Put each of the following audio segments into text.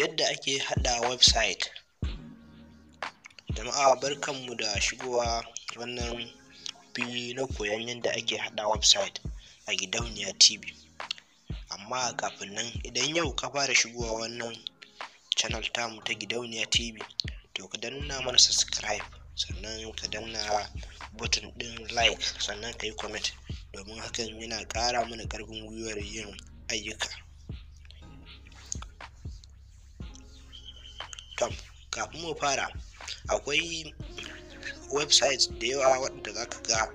yadda ake haɗa website jama'a barkanmu da shigowa wannan fili na koyon yadda ake haɗa website a gidauniya tv amma kafin nan idan yau ka fara shigowa wannan channel tamu ta gidauniya tv to ka danna mana subscribe sannan ka danna button din like sannan ka yi comment domin hakan yana kara mana karfin gwiwar yin ayyuka tom kafin mu fara akwai website da yawa wadda za ka ga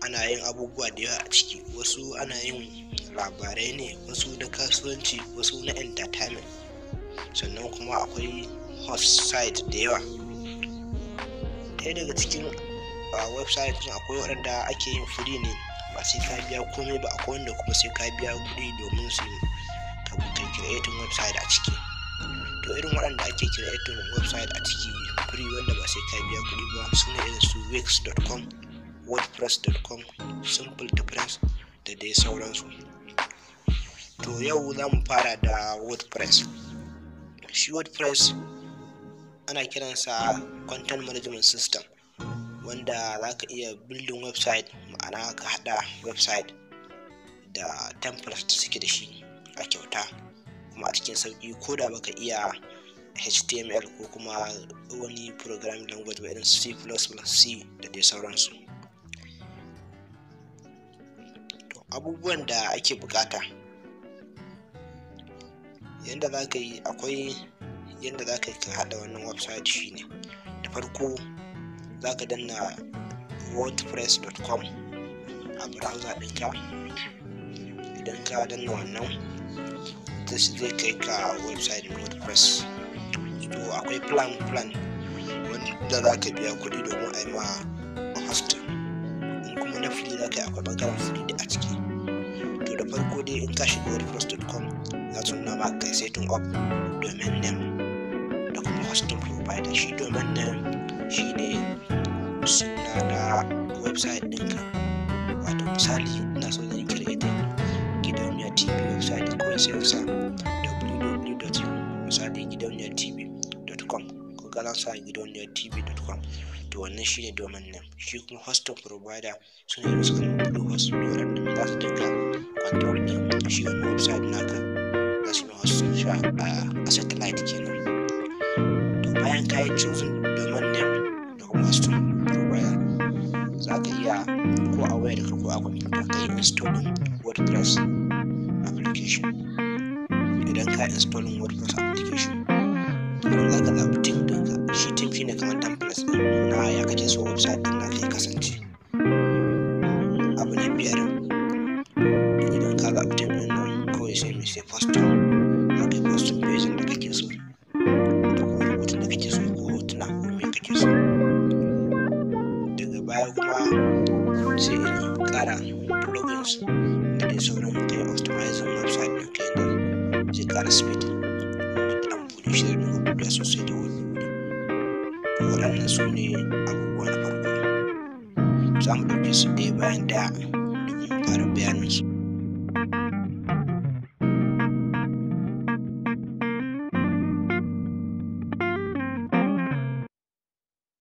ana yin abubuwa da yawa a ciki wasu ana yin labarai ne wasu da kasuwanci wasu na entertainment sannan kuma akwai host site da yawa ɗaya daga cikin website din akwai waɗanda ake yin free ne ba sai ka biya komai ba akwai wanda kuma sai ka biya kuɗi domin su ka creating website a ciki to irin waɗanda ake kira creator website a ciki free wanda ba sai ka biya kuɗi ba suna irin su wix.com wordpress.com simple to press da dai sauransu to yau za mu fara da wordpress shi wordpress ana kiransa content management system wanda za ka iya bildin website ma'ana ka hada website da templates suke da shi a kyauta kuma a cikin sauƙi ko da baka iya html ko kuma wani programming language ba irin c++ c da dai sauransu abubuwan da ake bukata yadda za ka yi akwai yadda za ka haɗa wannan website shine da farko za ka danna wordpress.com a browser ɗinka idan ka danna wannan zai kai ka website wordpress to akwai plan plan wanda za ka biya kuɗi domin a yi ma hosting in kuma na free za ka yi akwai bangaren free da a ciki to da farko dai in ka shiga wordpress.com za su nuna ma kai setting up domain name da kuma hosting provider shi domain name shi ne suna da website ɗinka wato misali na so zai yi creating gidan ya tv siyasa www.musadigidauniyartv.com ko galansa gidauniyartv.com to wannan shi ne domin nan shi kuma hosting provider suna yi wasu kamar blue host mai waɗanda ba su dinga control ɗin shi wani website naka za su yi hosting sha a satellite kenan to bayan ka yi choosing domin nan da kuma hosting provider za ka iya ko a wayar ka ko a kwamfuta ka yi installing wordpress application idan ka installing wordpress application kuma za ka zaɓi tim ɗinka shi tim shi ne kamar templates ɗin na ya kake so website ɗin na zai kasance abu ne biyar idan ka zaɓi tim ɗin nan kawai sai mu sai post za ka yi posting page da kake so da kuma rubutun da kake so ko hotuna ko me kake so daga baya kuma sai in ƙara Bloggers, der die sogenannte Osterweiser Webseiten erklärt, sieht alles mit mit einem Wunderschild der Google Associate und Google. Wir wollen eine Sony Abu Wanapapa. Zusammen mit dem Bayern der Arabianen.